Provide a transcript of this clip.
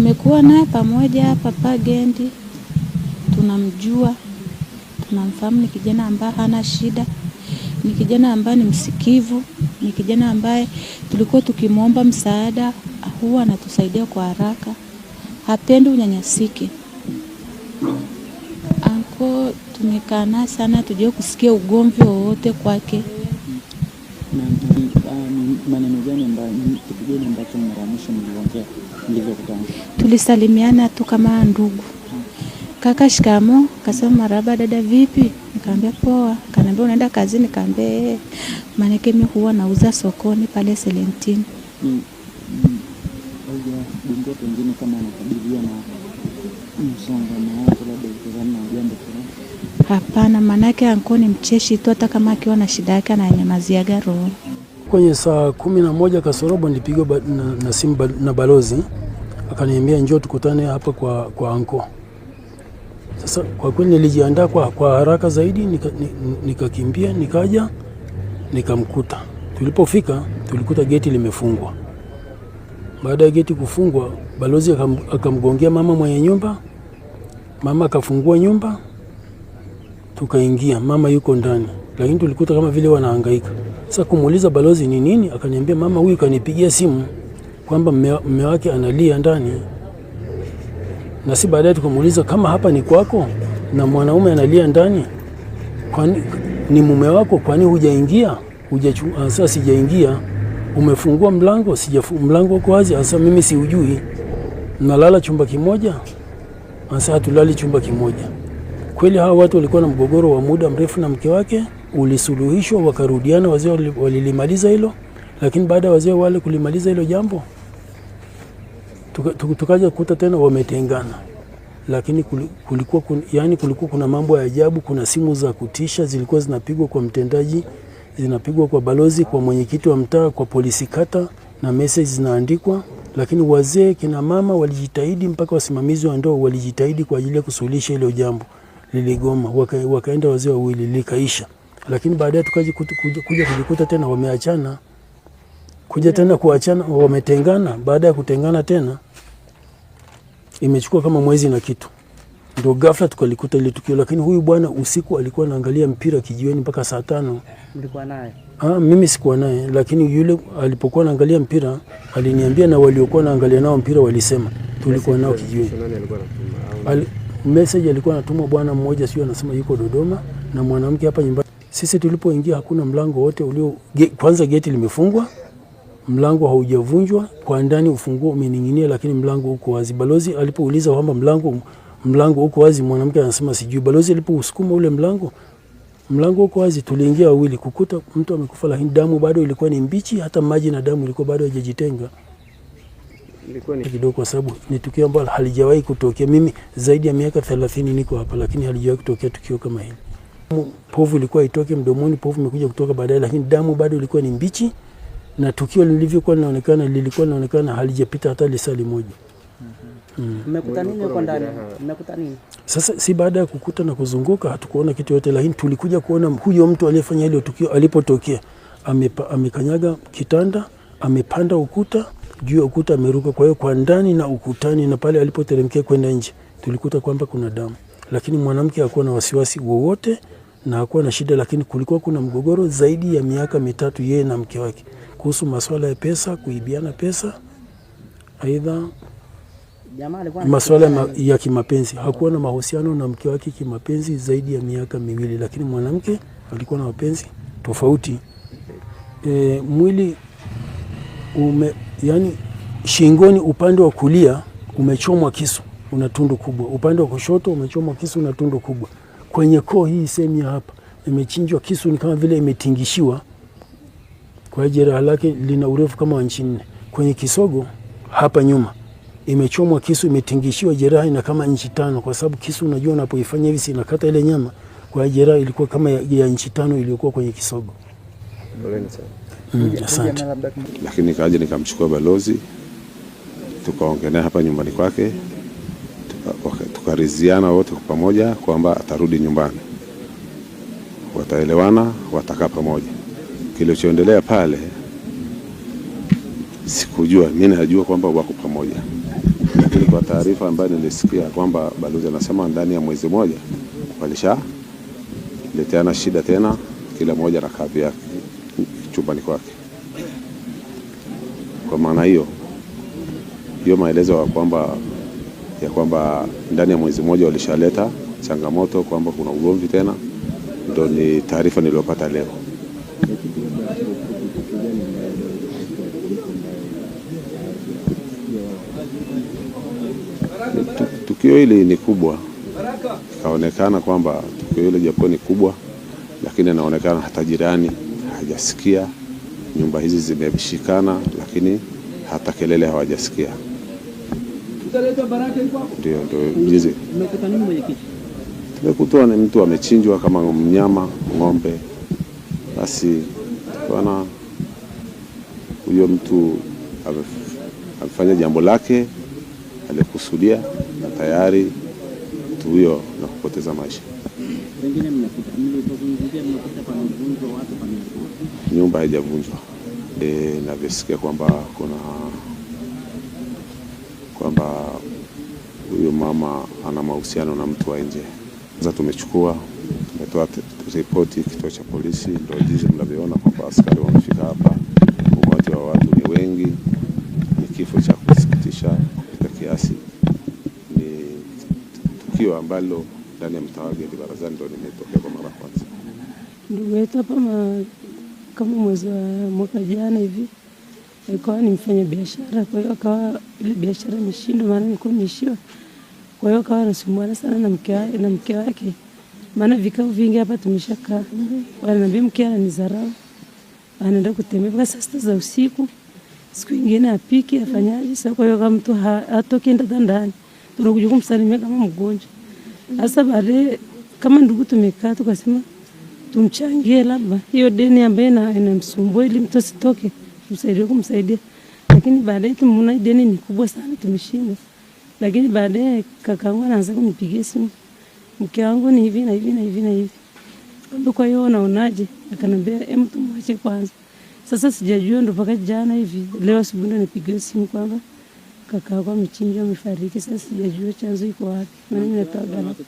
Tumekuwa naye pamoja Papa Pagendi, tunamjua, tunamfahamu. Ni kijana ambaye hana shida, ni kijana ambaye ni msikivu, ni kijana ambaye tulikuwa tukimwomba msaada huwa anatusaidia kwa haraka, hapendi unyanyasike. Anko, tumekaa naye sana, tujue kusikia ugomvi wowote kwake. Ah, maneno gani ambacho Tulisalimiana tu kama ndugu. Hmm. Kaka shikamo, kasema maraba. Dada vipi? Nikaambia poa. Kanambia unaenda kazini? Nikaambia eh, mimi huwa nauza sokoni pale Selentini. Ni hmm. hmm. au pengine kama anakabiliwa na Hapana, maanake anko ni mcheshi tu, hata kama akiwa na shida yake ananyamaziaga garo. Kwenye saa kumi na moja kasorobo nilipigwa na, na simu na balozi akaniambia njoo tukutane hapa kwa, kwa anko. Sasa kwa kweli nilijiandaa kwa, kwa haraka zaidi nikakimbia nika nikaja nikamkuta. Tulipofika tulikuta geti limefungwa. Baada ya geti kufungwa, balozi akam, akamgongea mama mwenye nyumba Mama akafungua nyumba tukaingia, mama yuko ndani, lakini tulikuta kama vile wanahangaika. Sasa kumuuliza balozi ni nini, akaniambia mama huyu kanipigia simu kwamba mume wake analia ndani, na si baadaye tukamuuliza kama hapa ni kwako na mwanaume analia ndani, kwani ni mume wako, kwani hujaingia? Ah, sasa sijaingia. Umefungua mlango? Sija, mlango uko wazi. hasa mimi siujui, nalala chumba kimoja masaa tulali chumba kimoja. Kweli hawa watu walikuwa na mgogoro wa muda mrefu na mke wake, ulisuluhishwa wakarudiana, wazee walilimaliza hilo. Lakini baada ya wazee wale kulimaliza hilo jambo, tukaja tuka kukuta tena wametengana, lakini kulikuwa kun, yani kulikuwa kuna mambo ya ajabu. Kuna simu za kutisha zilikuwa zinapigwa kwa mtendaji, zinapigwa kwa balozi, kwa mwenyekiti wa mtaa, kwa polisi kata, na message zinaandikwa lakini wazee kina mama walijitahidi, mpaka wasimamizi wa ndoa walijitahidi kwa ajili ya kusuluhisha hilo jambo, liligoma. Waka, wakaenda wazee wawili, likaisha. Lakini baadaye tukaji kuja kujikuta tena wameachana, kuja tena kuachana, wametengana. Baada ya kutengana tena imechukua kama mwezi na kitu ndo ghafla tukalikuta ile tukio, lakini huyu bwana usiku alikuwa anaangalia mpira kijiweni mpaka saa tano. Mlikuwa naye? Ah, mimi sikuwa naye, lakini yule alipokuwa anaangalia mpira aliniambia, na waliokuwa naangalia nao mpira walisema tulikuwa nao kijiweni. Al, Message alikuwa anatuma bwana mmoja, sio anasema yuko Dodoma na mwanamke hapa nyumbani. Sisi tulipoingia hakuna mlango wote ulio ge, kwanza geti limefungwa, mlango haujavunjwa kwa ndani, ufunguo umening'inia, lakini mlango uko wazi. Balozi alipouliza kwamba mlango mlango uko wazi, mwanamke anasema sijui. Balozi alipousukuma ule mlango, mlango uko wazi, tuliingia wawili, kukuta mtu amekufa, lakini damu bado ilikuwa ni mbichi, hata maji na damu ilikuwa bado haijajitenga kidogo, kwa sababu ni tukio ambalo halijawahi kutokea. Mimi zaidi ya miaka thelathini niko hapa, lakini halijawahi kutokea tukio kama hili. Povu ilikuwa itoke mdomoni, povu imekuja kutoka baadaye, lakini damu bado ilikuwa ni mbichi, na tukio lilivyokuwa linaonekana lilikuwa linaonekana halijapita hata lisali moja mmekuta nini huko ndani? Mmekuta nini? Sasa si baada ya kukuta na kuzunguka hatukuona kitu yote, lakini tulikuja kuona huyo mtu aliyefanya hilo tukio alipotokea, amekanyaga kitanda, amepanda ukuta, juu ya ukuta ameruka. Kwa hiyo kwa ndani na ukutani na pale alipoteremkia kwenda nje tulikuta kwamba kuna damu, lakini mwanamke hakuwa na wasiwasi wowote na hakuwa na shida, lakini kulikuwa kuna mgogoro zaidi ya miaka mitatu yeye na mke wake kuhusu masuala ya pesa, kuibiana pesa, aidha masuala ya kimapenzi. Hakuwa na mahusiano na mke wake kimapenzi zaidi ya miaka miwili, lakini mwanamke alikuwa na mapenzi tofauti. E, mwili ume, yani shingoni upande wa kulia umechomwa kisu una tundu kubwa, upande wa kushoto umechomwa kisu una tundu kubwa. Kwenye koo hii sehemu ya hapa imechinjwa kisu, ni kama vile imetingishiwa. Kwa jeraha lake lina urefu kama wa nchi nne kwenye kisogo hapa nyuma imechomwa kisu, imetingishiwa jeraha na kama inchi tano, kwa sababu kisu unajua unapoifanya hivi si nakata ile nyama, kwa jeraha ilikuwa kama ya, ya inchi tano iliyokuwa kwenye kisogo. Mm, asante. Lakini nikaja nikamchukua balozi tukaongelea hapa nyumbani kwake tukariziana tuka wote kwa pamoja kwamba atarudi nyumbani, wataelewana, watakaa pamoja. Kilichoendelea pale sikujua, mimi najua kwamba wako pamoja lakini kwa taarifa ambayo nilisikia kwamba balozi anasema ndani ya mwezi mmoja walishaleteana shida tena, kila mmoja na kavi yake chumbani kwake. Kwa maana hiyo hiyo maelezo ya kwamba ya kwamba ndani ya mwezi mmoja walishaleta changamoto kwamba kuna ugomvi tena, ndo ni taarifa niliyopata leo. Tukio hili ni kubwa, kaonekana kwamba tukio hili japo ni kubwa, lakini inaonekana hata jirani hajasikia. Nyumba hizi zimeshikana, lakini hata kelele hawajasikia. Ndio, ndio tumekutwa ni mtu amechinjwa kama mnyama ng'ombe. Basi bwana huyo mtu amefanya jambo lake alikusudia na tayari tuyo na kupoteza maisha. Nyumba haijavunjwa e, navyosikia kwamba kuna kwamba huyu mama ana mahusiano na mtu wa nje. Sasa tumechukua tumetoa ripoti kituo cha polisi, ndio jinsi mnavyoona kwamba askari wamefika hapa, umati wa watu ni wengi, ni kifo cha kusikitisha. tukio ambalo ndani ya mtaa wangu Barazani ndo limetokea kwa mara kwanza. Ndugu yetu hapa kama mwezi wa mwaka jana hivi alikuwa ni mfanya biashara, kwa hiyo akawa ile biashara imeshindwa, maana nilikuwa nimeishiwa. Kwa hiyo akawa anasumbuana sana na mke wake na mke wake, maana vikao vingi hapa tumeshakaa, wananiambia mke ananizarau, anaenda kutembea mpaka saa sita za usiku, siku ingine apiki afanyaje? Sasa kwa hiyo kama mtu hatoki ndani tunakuja kumsalimia kama mgonjwa. Sasa baadaye kama ndugu tumekaa tukasema tumchangie labda hiyo deni ambayo inamsumbua ili mtu asitoke, tumsaidie kumsaidia, lakini baadaye tumeona deni ni kubwa sana, tumeshindwa. Lakini baadaye kakaangu anaanza kunipigia simu, mke wangu ni hivi na hivi na hivi na hivi, kwa hiyo unaonaje? Akanambia hem, tumwache kwanza. Sasa sijajua, ndo mpaka jana hivi leo asubuhi ndo nipigiwa simu kwamba kaka yako amechinjwa amefariki. Sasa sijajua chanzo iko wapi, maana ninatoa